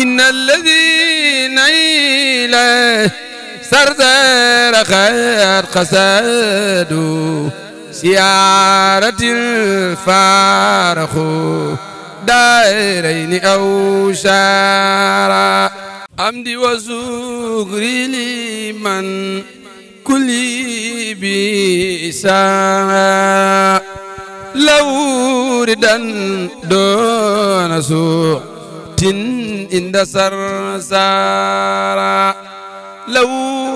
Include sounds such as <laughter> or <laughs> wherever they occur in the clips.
إن الذين إلى سردار خير قصدوا سيارة الفارخ دائرين أو شارع أمدي وزغري لمن كل بيسا لو ردن دون سوق عند سرسارا لو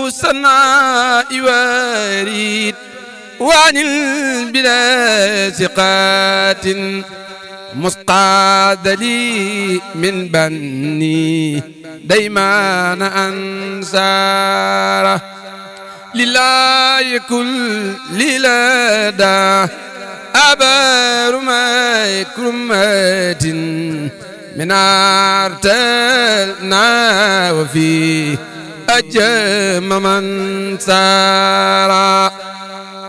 صنع واريد وعن البلا سقات مسقاد لي من بني ديمان أنسارا لله كل للادا أبار ما كرمات منارت لنا وفي أجم من سارا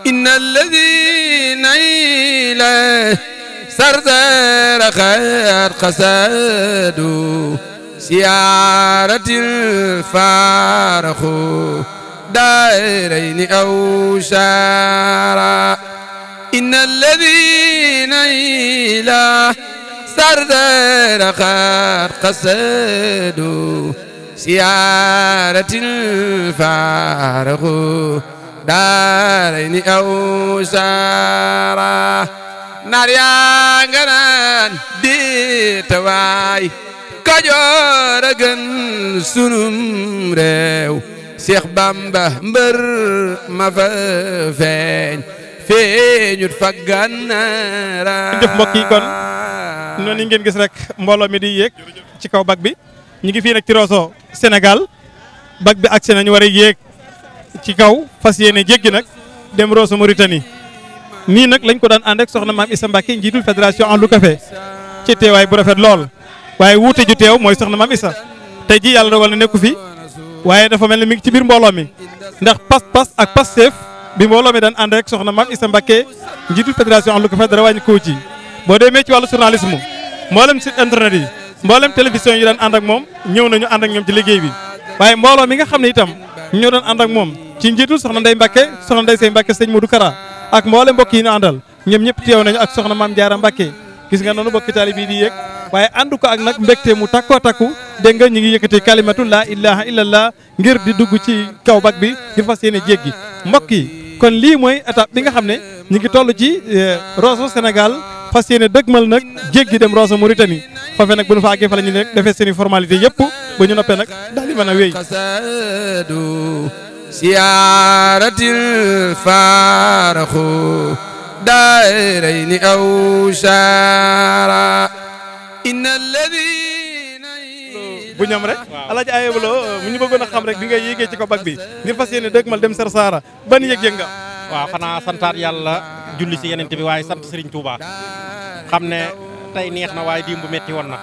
إن الذين إليه سردار خير قسادوا سيارة الفارخو دائرين أو شارا إن الذين إليه سردر قد قصدوا سيارة فارقوا دارين أو سارة naar yaa nga di tawaay Kajoor a sunum réew Seex Bamba mbër ma fa feeñ feeñut fa Gànnaar def mbokk kon noonu ngeen gis rek mbooloo mi di yéeg ci kaw bag bi ñu ngi fii nag ci Rosso Sénégal bag bi agsi nañu war a yéeg ci kaw fas yéene jéggi nag dem Rosso Mauritanie nii nag lañ ko daan ànd ak soxna maam Issa Mbacke njiitul fédération en lu kafe ci teewaay bu rafet lool waaye wuute ju teew mooy soxna maam Issa tey ji yàlla dogal na nekku fi waaye dafa mel ne mi ngi ci biir mbooloo mi ndax pas-pas ak pas-seef bi mbooloo mi daan ànd ak soxna maam Issa Mbacke njiitul fédération en lu café dara ko ci boo demee ci wàllu journalisme mboolem site internet yi mboolem télévision yi daan ànd ak moom ñëw nañu ànd ak ñoom ci liggéey bi waaye mbooloo mi nga xam ne itam ñoo doon ànd ak moom ci njiitu soxna Ndeye mbakke soxna Ndeye Sey Mbacke sëñ Modou karaa ak mboolem mbokk yi ñu àndal ñoom ñëpp teew nañu ak soxna Maam Jaara Mbacke gis nga noonu bokki taali bii di yëg waaye ànd ko ak nag mbégte mu takkoo takku dégg nga ñu ngi yëkkati kalimatu laa ilaha illallah ngir di dugg ci kaw bag bi di fas yéene jéggi mbokk yi kon lii mooy étape bi xam ne ñu ngi toll ci euh, Rosso Sénégal fas yéene dëgmal nag jéggi dem Rosso Mauritanie foofe nag bu ñu fa àggee fa la ñu nekk defee seen i formalité yëpp ba ñu noppee nag daal di mën a wéy siyaaratil faaraxu daarayni aw saara inna alladi bu ñam rek alaaji Ayib Lo mu ñu bëggoon xam rek bi ngay yéegee ci ko bag bi ngir fas yéene dëgg mal dem Sar Saara ban yëg-yëg nga waaw xanaa santaat yàlla julli si yenente bi waaye sant Serigne Touba xam ne tey neex na waaye dimbu metti woon na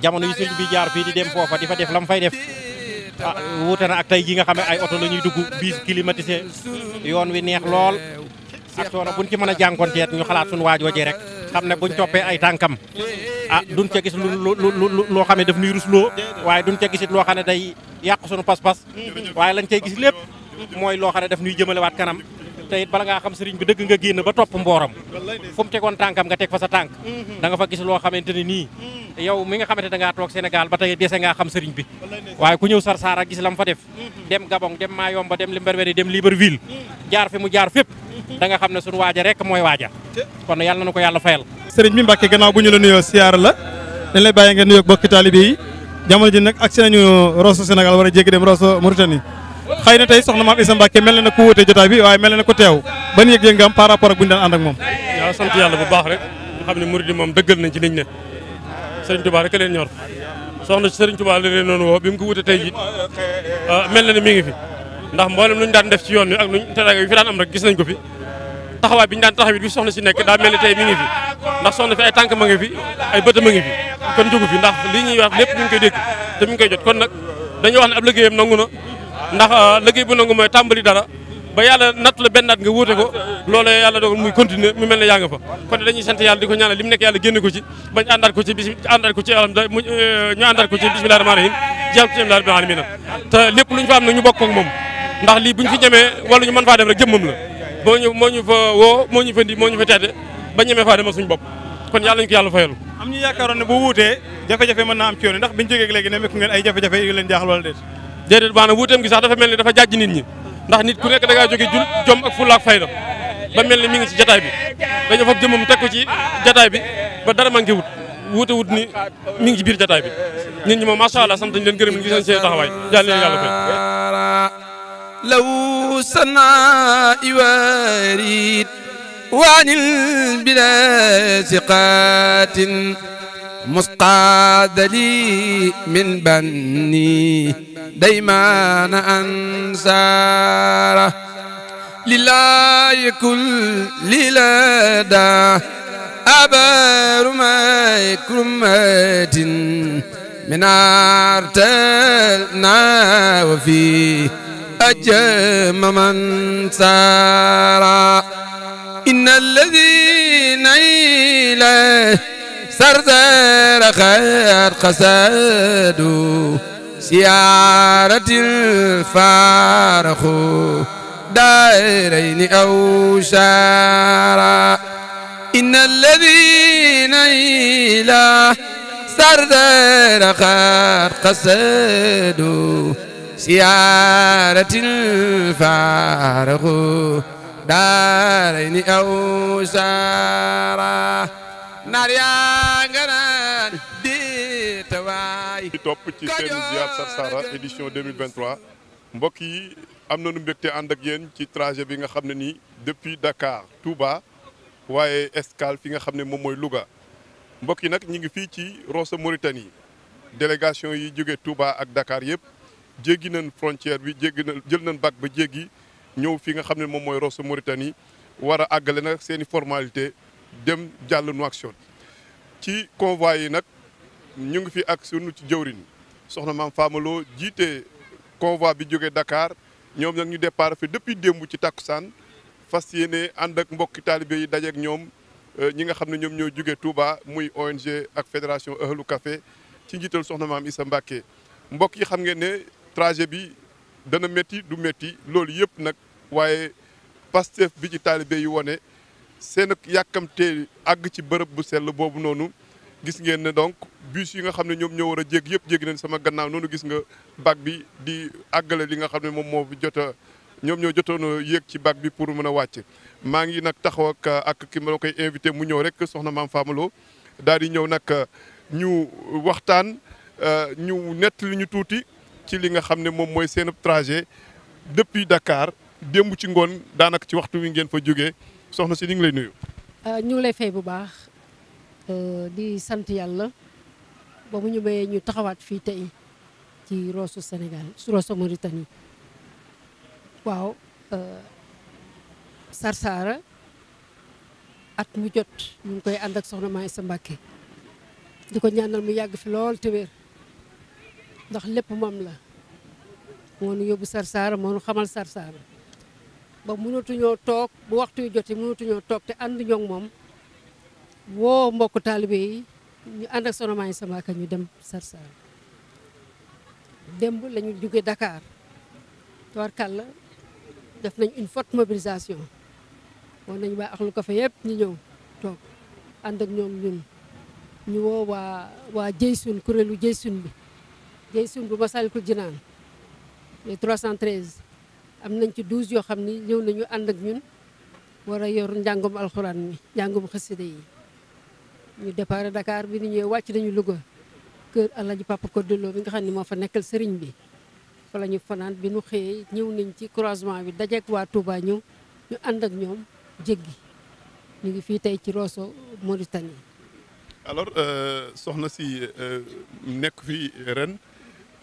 jamono yu Serigne bi jaar fii di dem foofa di fa def lam fay def wute ah, wuute na ak tey ji nga xam ne ay oto la ñuy dugg biis climatisé yoon wi neex lool ak bu nu ci mën a jànkoonteet ñu xalaat suñu waaj waje rek xam ne buñ toppee ay tànkam ah duñ ca gis lu lu loo xam ne daf nuy rusloo waaye duñ ca gisit loo xam ne day yàq sunu pas-pas waaye lañ cay gis lépp mooy loo xam ne daf nuy jëmalewaat kanam tey it bala ngaa xam sëriñ bi dëgg nga génn ba topp mbooram fu mu tegoon tànkam nga teg fa sa tànk mhm. da nga fa gis loo xamante ne nii mhm. yow mi nga xamante da ngaa toog Sénégal ba tey dese ngaa xam sëriñ bi waaye ku ñëw Sarsara a gis la lam fa def mhm. dem Gabon dem Mayomba dem Limberweri dem Libreville jaar fi mu jaar fépp da nga xam ne suñu waaja rek mooy waaja kon yàlla na ko yàlla fayal sëriñ bi Mbàkke gannaaw bu ñu la nuyoo siyaar la dañ lay bàyyi nga nuyoo bokki taalibe yi jamono ji nag agsi nañu Rosso Sénégal war a jéggi dem Rosso Mauritanie xëy na tey soxna maam Issa Mbacke mel na ne ku wóote jotaay bi waaye mel na ne ku teew ban yëg-yëg nga am par rapport ak bu ñu daan ànd ak moom waaw sant yàlla bu baax rek nga xam ne murid rek la mu ah, ngi fi ndax mboolem lu ñu daan def ci yoon wi ak luñ teraanga bi fi daan am rek gis nañ ko fi taxawaay bi ñu daan taxawit bi soxna si nekk daa mel ne tey mi ngi fi ndax soxna fi ay tànk ma ngi fi ay bët ma fi kon jógu fi ndax lii ñuy wax lépp mi ngi koy dégg ndax ah, liggéey bu nangu mooy tàmbali dara ba yàlla nattu la benn at nga wuute ko loolu yàlla dogal muy continuer mu mel ne yaa nga fa kon dañuy sant yàlla di ko ñaan li mu nekk yàlla génne ko ci bañ àndaat ko ci bis àndaat ko ci alhamdulilah eh, ñu àndaat ko ci bisimilah te lépp luñ fa am na ñu bokk ak moom ndax lii bu ñu fi ñemee wala ñu mën faa dem rek jëmmam la moo ñu moo ñu fa woo moo ñu fa ndi moo ñu fa teete ba ñemee faa dem ak suñu bopp kon yàlla ñu ko yàlla fayal am ñu yaakaaroon ne bu wuutee ay jafe-jafe yu leen jaaxal déedéet baax na wuuteem gi sax dafa mel ni dafa jàjj nit ñi ndax nit ku nekk da ngaa jóge jul jom ak fulla ak fayda ba mel ni mi ngi ci jataay bi dañoo fab jëmmam teg ko ci jataay bi ba dara manqué wut wuute wut ni mi ngi ci biir jataay bi nit ñi moom macha allah sant leen gërëm ñu ngi seen seen taxawaay yàlla leen yàlla fay لو صنع يواريد وعن البلا ثقات مسقاد لي من ديمان أنصاره لله كل للدا أبر ما كرمات من أرتلنا وفي أجم من سارا إن الذين إلى سرزر خير خسدوا siyaaratil faaraxu daarayni aw saara inna alladina ila sardara xaat xasadu siyaaratil faaraxu daarayni aw saara naar yaa nga waay. ci topp ci seen ziar Sarsara édition 2023 mbokk yi am na nañu mbégte ànd ak yéen ci trajet bi nga xam ne nii depuis Dakar Touba waaye escale fi nga xam ne moom mooy Louga mbokk yi nag ñu ngi fii ci Rosso Mauritanie délégation yi jóge Touba ak Dakar yëpp jéggi na frontière bi jéggi na jël na bac ba jéggi ñëw fi nga xam ne moom mooy Rosso Mauritanie war a àggale nag seen i formalité dem jàll Nouakchott ci convoi yi nag. ñu ngi fi ak sunu ci jëwrin soxna maam faamaloo jiitee convoi bi jógee dakaar ñoom nag ñu départ fi depuis démb ci takkusaan fas yéene ànd ak mbokki taalibe yi dajeek ñoom euh, ñi nga xam ne ñoom ñoo jóge Touba muy ONG ak fédération Ahlu Café ci njiital soxna maam Issa Mbacke mbokk yi xam ngeen ne trajet bi dana métti du métti loolu yëpp nag waaye Pastef bi ci taalibe yi wane seen ak yàkkamtee àgg ci bërëb bu sell boobu noonu gis ngeen ne donc bus yi nga xam ne ñoom ñoo war a jégg yëpp jéggi nañ sama gannaaw noonu gis nga bac bi di àggale li nga xam ne moom moo jot ñoom ñoo jotoon yéeg ci bac bi pour mën a wàcc maa ngi nag taxaw ak ak ki ma la koy invité mu ñëw rek soxna maam Famaloo daal di ñëw nag ñu waxtaan euh, ñu nett li ñu tuuti ci li nga xam ne moom mooy seen trajet depuis dakaar démb ci ngoon daanaka ci waxtu wi ngeen fa jógee soxna si ñu ngi lay nuyu. Euh, ñu lay fay bu baax euh, di sant yàlla. ba mu ñu mayee ñu taxawaat fii tey ci Rosso Sénégal Rosso Mauritanie waaw euh, Sarsara at mu jot ñu koy ànd ak soxna Maï sa mbakke di ko ñaanal mu yàgg fi lool te wér ndax lépp moom la moo nu yóbbu Sarsara moo nu xamal Sarsara ba mënatuñoo toog bu waxtu yu jotee mënatuñoo toog te ànd ñoog moom woo mbokk taalibe ñu ànd ak soxna Maï Samaka dem Sarsara démb la ñu jóge Dakar Tubarkàlla def nañ une forte mobilisation woon nañu waa axlu ko fa yëpp ñu ñëw toog ànd ak ñoom ñun ñu woo waa waa Jeysun kuréelu Jeysun bi Jeysun bu Masalikul Jinaan les 313 am nañ ci 12 yoo xam ni ñëw nañu ànd ak ñun war a yoru njàngum alxuraan mi njàngum xasida yi ñu départ dakaar bi ni ñëwee wàcc nañu Louga kër Alaaji Papa Kodelo bi nga xam ne moo fa nekkal sëriñ bi fa la fanaan bi nu xëyee ñëw nañ ci croisement bi dajeek waa Touba ñëw ñu ànd ak ñoom jéggi ñu ngi fii tey ci Rosso Mauritanie. alors euh, soxna si euh, nekk fi ren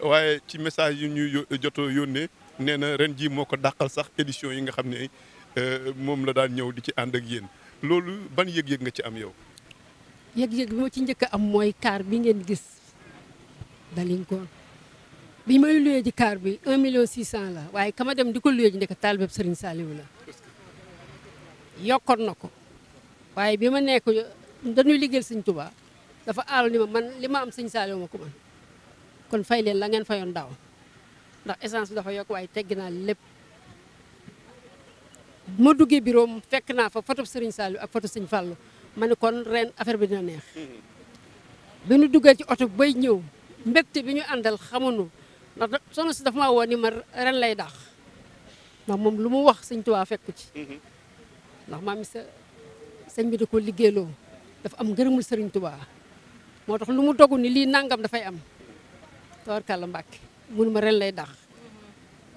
waaye ci message yu ñu jot a yónnee nee na ren jii moo ko dàqal sax édition yi nga xam ne euh, moom la daal ñëw di ci ànd ak yéen loolu ban yëg-yëg nga ci am yow. yëg-yëg bi ma ci njëkk am mooy kaar bi ngeen gis dalinkoon bi ma luyee ji kaar bi 1 million 600 la waaye kama dem di ko luyee ji ndekk taalibeb Sëriñ Saaliwu la yokkoon na ko waaye bi ma nekk dañuy liggéeyal Sëñ Tuubaa dafa aalu ni ma man li ma am Sëñ Saaliwu ma ko kon fay leen la ngeen fayoon daaw ndax essence bi dafa yokk waaye tegg naa lépp bu ma duggee bureau fekk naa fa photo Sëriñ Saaliwu ak photo ma ne kon ren affaire bi dina neex bi ñu duggee ci oto bay ñëw mbégte bi ñu àndal xamuñu ndax soxna si dafa ma woo ni ma ren lay daax ndax moom lu mu wax sëñ Tuubaa fekku ci ndax maam sa sëñ bi da ko liggéeyloo dafa am gërëmul sëriñ Tuubaa moo tax lu mu dogu ni lii nangam dafay am tawarkàlla Mbàkke mënu ma ren lay daax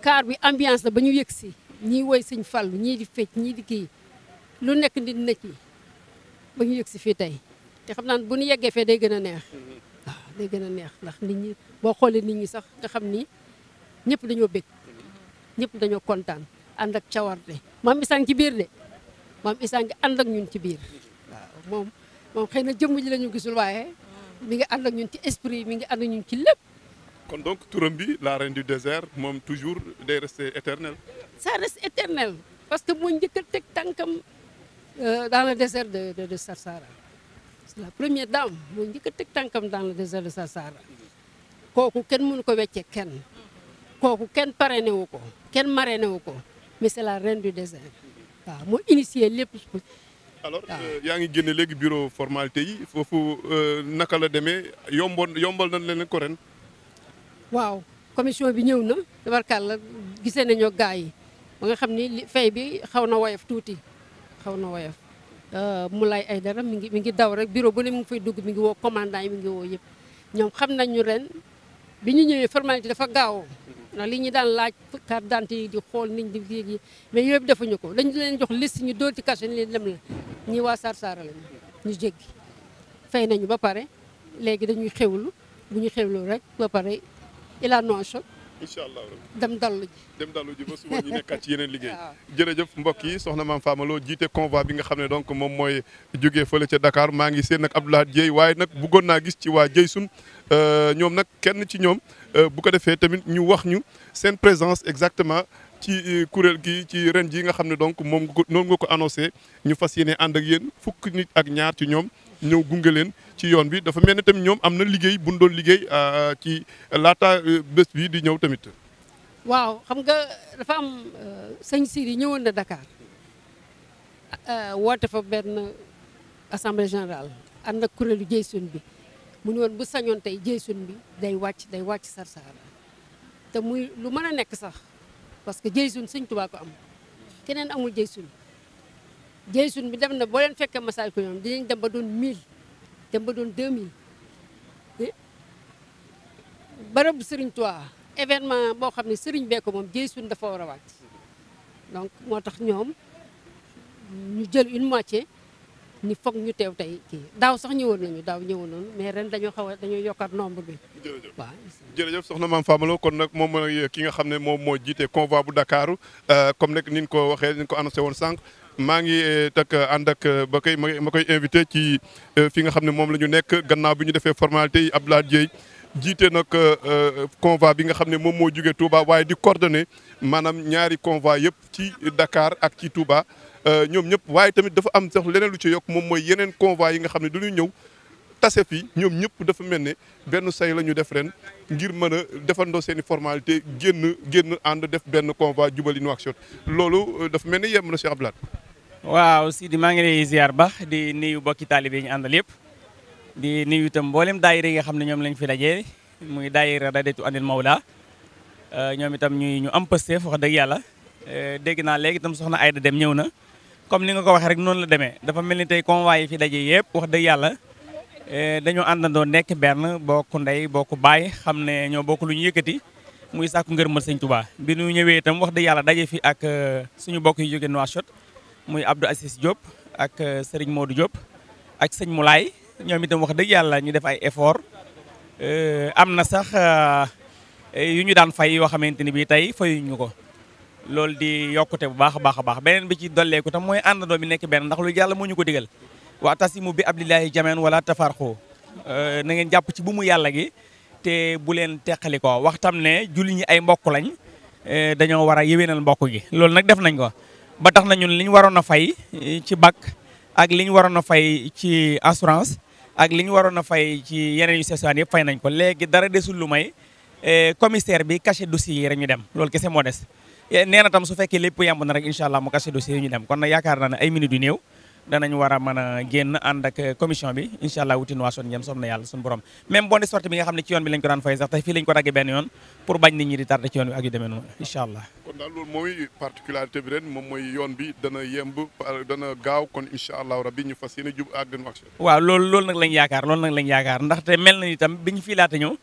kaar bi ambiance la ba ñu yëg si ñii woy sëñ Fallu ñii di fecc ñii di kii lu nekk ndi na ci ba ñu yëg si fii tey te xam naa bu ñu yeggee fee day gën a neex waaw day gën a neex ndax nit ñi boo xoolee nit ñi sax nga xam ni ñëpp dañoo bég ñëpp dañoo kontaan ànd ak cawarte maam Issa ngi ci biir de maam Issa ngi ànd ak ñun ci biir waaw moom moom xëy na jëmm ji la ñu gisul waaye mi ngi ànd ak ñun ci esprit mi ngi ànd ak ñun ci lépp. kon donc turam la reine du désert moom toujours day rester éternel. ça reste éternel parce que moo njëkk teg tànkam. euh, dans le désert de de, de Sarsara c'est la première dame moo njëkk a teg tànkam dans le désert de Sarsara kooku kenn mënu ko wecce kenn kooku kenn parrainé wu ko kenn marrainé wu ko mais c'est la reine du désert waaw moo initié lépp. alors euh, yaa ngi génne léegi bureau formalité yi foofu euh, naka la demee yomboon yombal nañ leen ko ren. waaw commission bi ñëw na tabarkàlla gisee nañoo gaa yi ba nga xam ni fay bi xaw na woyof tuuti. xaw na woyof euh, Moulay Aïdara mi ngi mi ngi daw rek bureau bu ne mi ngi fay dugg mi ngi woo commandant yi mi ngi woo yëpp ñoom xam nañ ñu ren bi ñu ñëwee formalité dafa gaaw ndax li ñu daan laaj carte d'identité yi di xool nit ñi di yéeg mais yooyu defuñu ko dañu leen jox liste ñu dóor ci cachet leen dem la ñi waa Sarsara lañu ñu jéggi fay nañu ba pare léegi dañuy xewlu bu ñu xewlu rek ba pare il a non incha allah dem dallu dem dallu ji ba suba ñu nekkaat ci yeneen liggéey <laughs> jërëjëf mbokk yi soxna maam Famaloo jiite convoi bi nga xam ne donc moom mooy jógee fële ca Dakar maa ngi seen nag Abdoulaye Dieye waaye nag bëggoon naa gis ci waa Dieye sun Euh, ñoom nag kenn ci ñoom euh, bu ko defee tamit ñu wax ñu seen présence exactement ci euh, kuréel gi ci ren jii nga xam ne donc moom nga ko noonu nga ko annoncé ñu fas yéene ànd ak yéen fukk nit ak ñaar ci ñoom ñëw gunge leen ci yoon bi dafa mel ne tamit ñoom am na liggéey bu ñu doon liggéey ci laata bés bi di ñëw tamit. waaw xam nga dafa am sëñ Siri ñëwoon na Dakar woote fa benn assemblée générale ànd ak kuréelu Jeysun bi. mu ne woon bu sañoon tey Jason bi day wàcc day wàcc Sarsara te muy lu mën a nekk sax parce que Jason Sëñ Tuubaa ko am keneen amul Jason Jason bi dem na boo leen fekkee message ko ñoom dinañ dem ba doon 1000 dem ba doon 2000 eh, barabu Sëriñ Tuubaa événement boo xam ne Sëriñ bee ko moom Jason dafa war a wàcc donc moo tax ñoom ñu jël une moitié ni foog ñu teew tey daaw sax ñëwoon nañu daaw ñëwoon noonu mais ren dañoo xaw a dañoo yokkaat nombre bi. jërëjëf waaw soxna maam Fama Lo kon nag moom mooy ki nga xam ne moom moo jiite convoi bu Dakar euh, comme nag ni ñu ko waxee ni ko annoncé woon sànq maa ngi eh, tak ànd ak euh, ba koy ma koy invité ci euh, fi nga xam ne moom la ñu nekk gannaaw bi ñu defee formalité yi Abdoulaye Dieye jiite nag convoi bi nga xam ne moom moo jugee Touba waaye di coordonné maanaam ñaari convoi yëpp ci dakaar ak ci Touba. Euh, ñoom ñëpp waaye tamit dafa am sax leneen lu ci yokk moom mooy yeneen convoi yi nga xam ne dañuy ñëw tase fi ñoom ñëpp dafa mel ne benn say la ñu def ren ngir mën a defandoo seen i formalité génn génn ànd def benn convoi jubali Nouakchott loolu euh, dafa mel ne yem na Cheikh Abdoulaye waaw di maa ngi lay ziar baax di nuyu bokki taalibe yi ñu àndal yëpp di nuyu itam mboolem daayira yi nga xam ne ñoom lañ fi dajee muy daayira Radatou Anil Mawla euh, ñoom itam ñuy ñu am pasteef wax dëgg yàlla dégg naa léegi itam soxna Ayda dem ñëw na comme ni nga ko waxee rek noonu la demee dafa mel ni tey convoi yi fi daje yëpp wax dëgg yàlla eh, dañoo àndandoo nekk benn bokk ndey bokk baay xam ne ñoo bokk lu ñu yëkkati muy sàkku ngërëmal sëñ Touba bi ñu ñëwee itam wax dëgg yàlla daje fi ak eh, suñu bokk yi jóge Nouakchott muy Abdou Assis Diop ak eh, Serigne moodu Diop ak sëñ mulaay ñoom itam wax dëgg yàlla ñu def ay effort am na sax yu ñu daan fay yoo xamante ni bii tey fayuñu ko. loolu di yokkute bu baax a baax a baax beneen bi ci dolleeku tam mooy àndandoo bi nekk benn ndax lu yàlla moo ñu ko digal waa tasimu bi abdillahi jameen wala tafarxoo euh, na ngeen jàpp ci bu mu yàlla gi te bu leen teqali ko waxtam ne julli ñi ay mbokk lañ euh, dañoo war a yéwénal mbokk gi loolu nag def nañ ko ba tax na ñun li ñu waroon a fay euh, ci bac ak li ñu waroon a fay ci assurance ak li ñu waroon a fay ci yeneen yu sesaan yëpp fay nañ ko léegi dara desul lu may commissaire bi caché dossier yi rek ñu dem loolu kese moo des Eh, nee na tam su fekkee lépp yemb na rek incha allah mu kase dossier yi ñu dem kon yaakaar naa ay minutes yu néew danañ war a mën a génn ànd ak eh, commission bi incha allah wutin waa na yàlla suñu borom même bonne sortie bi nga xam ne ci yoon bi lañ ko daan fay pour bañ nit ñi di tardé ci yoon bi ak yu demee noonu incha allah kon daal loolu mooy particularité bi ren moom mooy yoon bi dana yemb dana gaaw kon incha allah rabbi ñu fas yéene jub ak den wax waaw loolu loolu nag lañ yaakaar loolu nag lañ yaakaar ndaxte mel na itam bi ñu fii laata ñëw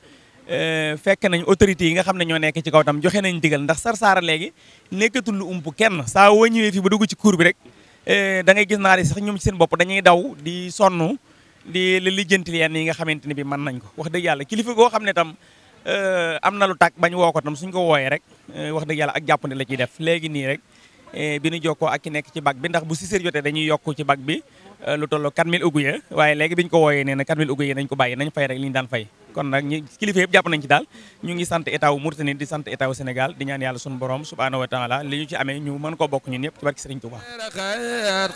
Euh, fekk nañ autorités yi nga xam ne ñoo nekk ci kaw tam joxe nañ digal ndax Sarsara léegi nekkatul lu ump kenn saa woo ñëwee fii ba dugg ci cour bi rek euh, da gis naa ne sax ñoom ci seen bopp dañuy daw di sonn di la lijjantil yenn yi nga xamante ne bi mën nañ ko wax dëgg yàlla kilifa goo xam ne tam euh, am na lu tàkk bañ woo ko tam suñ ko wooyee rek wax dëgg yàlla ak jàppandi la ciy def léegi nii rek bi nu jokkoo ak ki nekk ci bag bi ndax bu 6 heures jotee dañuy yokk ci bag bi Eh, lu tolloo 4000 ouguiya waaye léegi bi ñu ko wooyee nee na 4000 ouguiya nañ ko bàyyi nañ fay rek li daan fay kon nag ñi kilifa yëpp jàpp nañ ci daal ñu ngi sant état wu Mauritanie di sant état wu Sénégal di ñaan yàlla sunu borom subhaanahu wa taala li ñu ci amee ñu mën ko bokk ñun ñëpp ci barki Sëriñ Tuuba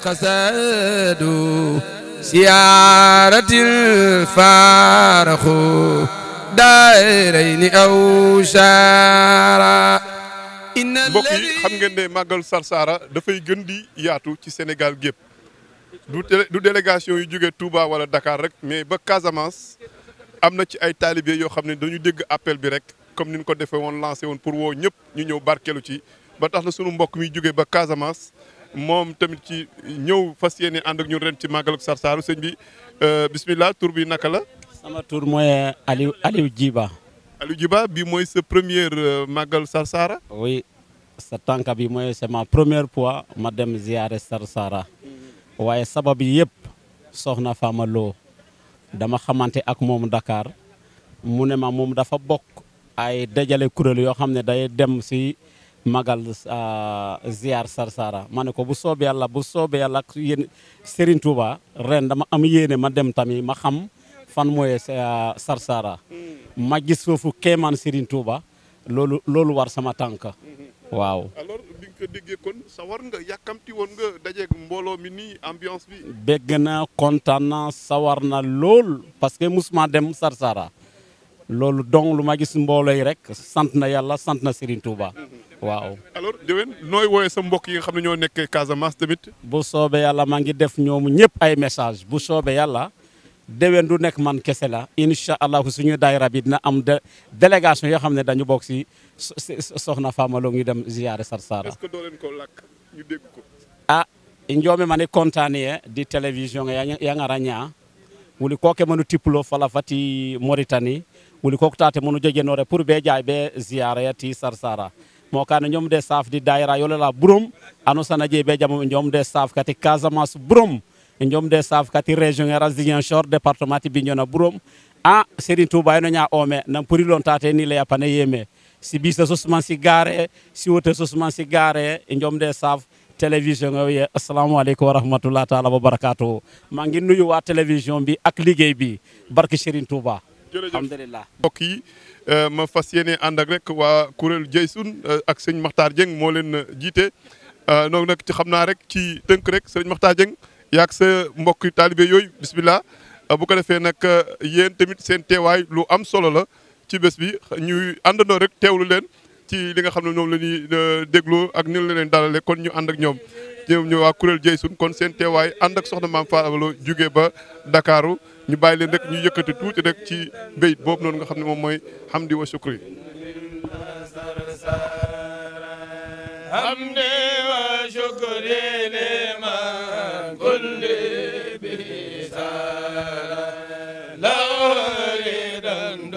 xasadu siyaaratil faaraxu daarayni aw saara mbokk yi xam ngeen ne màggal Sarsara dafay gën di yaatu ci Sénégal gépp du du délégation yu jógee Touba wala Dakar rek mais ba Casamance am na ci ay taalibe yoo xam ne dañu dégg appel bi rek comme ni ñu ko defee woon lancé woon pour woo ñëpp ñu ñëw barkeelu ci ba tax na sunu mbokk muy jógee ba Casamance moom tamit ci ñëw fas yéene ànd ak ñun ren ci màggalu Sarsara sëñ bi euh, bismillah tur bi la. sama tur mooy Aliou Aliou Djiba. Aliou Djiba mooy sa première euh, màggal Sarsara. oui sa tànk bi mooy c'est première pois ma dem ziare Sarsara. waaye sabab yi yëpp soxna Fama Lo dama xamante ak moom Dakar mu ne ma moom dafa bokk ay dajale kuréel yoo xam ne day dem si magal euh, ziar Sarsara ma ne ko bu soobee yàlla bu soobee yàlla ak yéen Serigne ren dama am yéene ma dem tami ma xam fan mooy euh, Sarsara mm. ma gis foofu kéemaan Serigne Touba loolu war sama tànk mm-hmm. waaw alors bi nga ko déggee kon sawar nga yàkkamti woon nga dajeeg mbooloo mi nii ambiance bi. bégg na kontaan na sawar na lool parce que musuma dem Sarsara loolu donc lu ma gis mbooloo yi rek sant na yàlla sant na Serigne Touba waaw. alors déwén nooy woowee sa mbokk yi nga xam ne ñoo nekk Casamance tamit. bu soobee yàlla maa ngi def ñoomu ñëpp ay message bu soobee yàlla. déwén du nekk man kese la allah allahu suñu daayira bi dina am de délégation yoo xam ne dañu bokk si soxna Fama Lo ñu dem ziyaare Sarsara. est-ce que doo leen ko lakk ñu dégg ko. ah njoome mani kontaanie di télévision yanga raña ah. wuli koke manu tiplo fala fati Mauritanie wuli koktate manu jogenore pour be jay be ziyaare ti Sarsara mo kana ñom de saf di daayira yolola burum anu sana je be jamu ñom de saf kati Casamance burum jomde e safkati région era ziguinchor département ti bignona ɓuurom an ah, sérin touba ino ña ome nan pori lon tate ni leya pana yeme si bisa sosman si gare si wote sosman si gare e jomde saf télévision o wiye assalamu aleykum wa rahmatullah taala wa barakatuhu nuyu wa télévision bi ak liggéey bi barki sérin touba alhamdulillah mbokk yi euh, ma fas yéene ànd ak rek waa kuréel Jeysun euh, ak sëñ Makhtar Dieng moo leen jiite noonu euh, nag ci xam naa rek ci tënk rek sëñ Makhtar Dieng yaag sa mbokk taalibe yooyu bismillah euh, bu ko defee nag euh, yéen tamit seen teewaay lu am solo la ci bés bi ñuy àndandoo rek teewlu leen ci li nga xam ne ñoom la ñuy euh, dégloo ak ni la leen dalale kon ñu ànd ak ñoom ñoom ñu waa kuréel suñ kon seen teewaay ànd ak soxna maam Fatou jugee ba dakaaru ñu bàyyi leen rek ñu yëkkati tuuti rek ci béyit boobu noonu nga xam ne moom mooy hamdi wa shukri hamdi wa shukri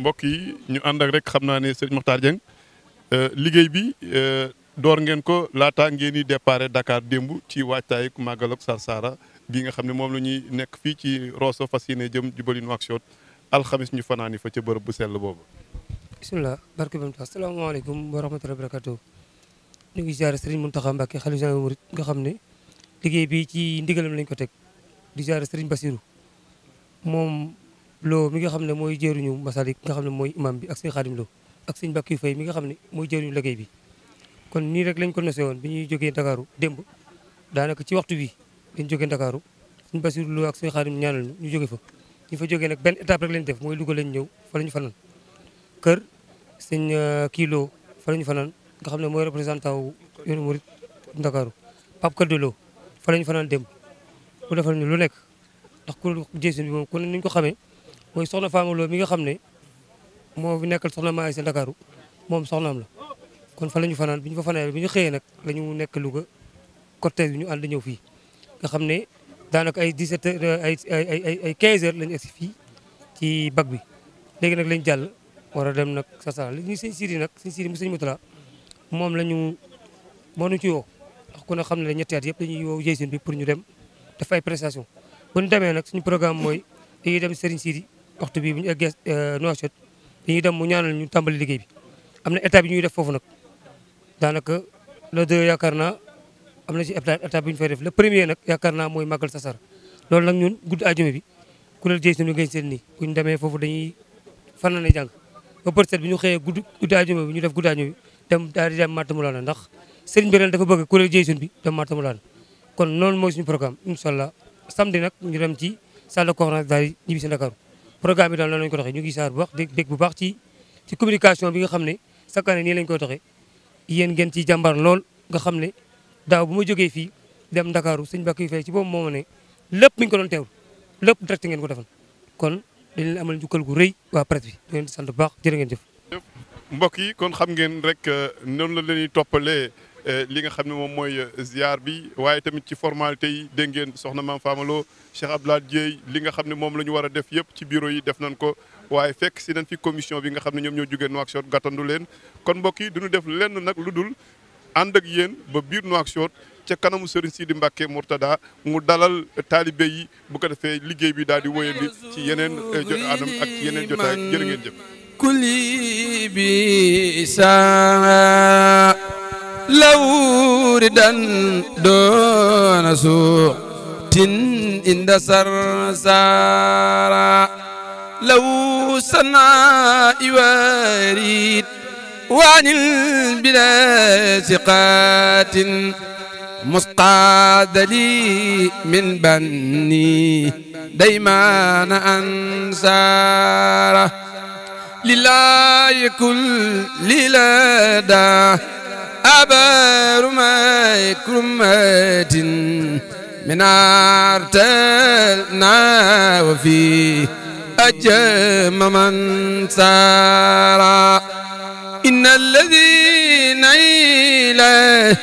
mbokk yi ñu ànd ak rek xam naa ne sëriñ Mokhtar Dieng euh, liggéey bi euh, door ngeen ko laata ngeen di départ Dakar démb ci waajtaay màggal ak Sarsara bi nga xam ne moom la ñuy nekk fii ci Rosso fas yéene jëm jubali Nouakchott alxamis ñu fanaani fa ca bërëb bu sell boobu. bisimilah barke bi asalaamaaleykum wa rahmatulah ñu ngi ziare sëriñ Mountakha Mbacké xalifa général murid nga xam ne liggéey bi ci ndigalam lañ ko teg di ziare sëriñ moom. loo mi nga xam ne mooy jëriñu Masalik nga xam ne mooy imam bi ak sëñ Xaadim Lo ak sëñ Bakkiyu Fay mi nga xam ne mooy jëriñu liggéey bi kon nii rek lañ ko nosee woon bi ñuy jógee Ndakaaru démb daanaka ci waxtu bi dañ jógee Ndakaaru sëñ Basiru Lo ak sëñ Xaadim ñaanal ñu ñu jóge fa ñu fa jógee nag benn étape rek lañ def mooy Louga lañ ñëw fa lañu fanaan kër sëñ euh, Kilo fa lañu fanaan nga xam ne mooy représentant wu yoonu murit Ndakaaru Pape fa lañu fanaan démb bu defal ñu nekk ndax kuréel jësin bi moom niñ ko xamee mooy soxna Fama Lo mi nga xam ne moo fi nekkal soxna Maay si Ndakaaru moom soxnaam la kon fa la ñu fanaan bi ñu fa fanaan bi ñu xëyee nag la nekk Louga cortège bi ñu ànd ñëw fi nga xam ne daanaka ay 17 heures la ñu ci bac bi léegi nag lañ jàll war a dem nag Sarsara li ñuy sëñ Sidi nag sëñ Sidi mu sëñ moom la ñu moo ñu ci woo ndax ku ne xam ne ñetti at yëpp dañuy woo jëysin bi pour ñu dem def ay prestation bu ñu demee nag suñu programme mooy dañuy dem Serigne Sidi waxtu bi bu ñu eggee euh, noo dem mu ñaanal ñu tàmbali liggéey bi am na étape ñuy def foofu nag daanaka le deux yaakaar naa am na ci étape bi ñu fay def le premier nag yaakaar naa mooy màggal Sarsara loolu nag ñun guddi àjjuma bi kuréel jëy suñu ngay seen nii bu ñu demee foofu dañuy fanaan jàng ba peut être bi ñu xëyee gudd guddi àjjuma bi ñu def guddi àjjuma bi dem daal mu dem Matamulana ndax sëriñ bi ren dafa bëgg kuréel jëy suñu bi dem Matamulana kon noonu mooy suñu programme incha allah samedi nag ñu dem ci salle de conférence daal di ñibbi si programme bi daal noonu lañu ko doxee ñu ngi bu baax di bu baax ci ci communication bi ga xam ne chaque année nii lañu koy doxee yéen ngeen ci jàmbaar lool ga xam ne daaw bu ma jógee fii dem Ndakaaru sëñ Bakk yu fay ci boobu moo ne lépp mi ñu ko doon teewul lépp direct ngeen ko defal kon dañ leen amal njukkal gu rëy waa presse bi di leen di sant bu baax jërë ngeen jëf. mbokk yi kon xam ngeen rek euh, noonu leen di toppalee Euh, li nga xam ne moom mooy euh, ziar bi waaye tamit ci formalité yi dégg ngeen soxna maam Famaloo Cheikh Abdoulaye Dieye li nga xam ne moom la ñu war a def yëpp ci bureau yi def nañ ko waaye fekk si nañ fi commission bi nga xam ne ñoom ñoo jugee Nouakchott gàttandu leen kon mbokk yi duñu def lenn nag lu dul ànd ak yéen ba biir Nouakchott ca kanamu Serigne Sidi Mbacke Mourtada mu dalal taalibe yi bu ko defee liggéey bi daal di wóyandi ci yeneen euh, anam ak ci yeneen jotaay jërë ngeen jëf. لوردا دون سوء إن سرسارا لو سنا يواريد وعن البلا ثقات مسقاد لي من بني ديمان أنساره لله كل لداه أبار ما كرمات من أرتلنا وفي أجم من سارا إن الذين إلى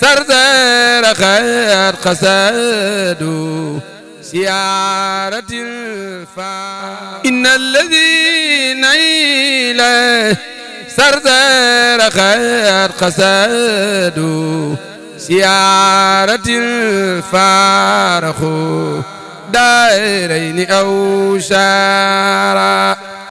سرزر خير قسدوا سيارة الفا إن الذين إلى سردار خير قساد سيارة الفارخ دائرين أو شارا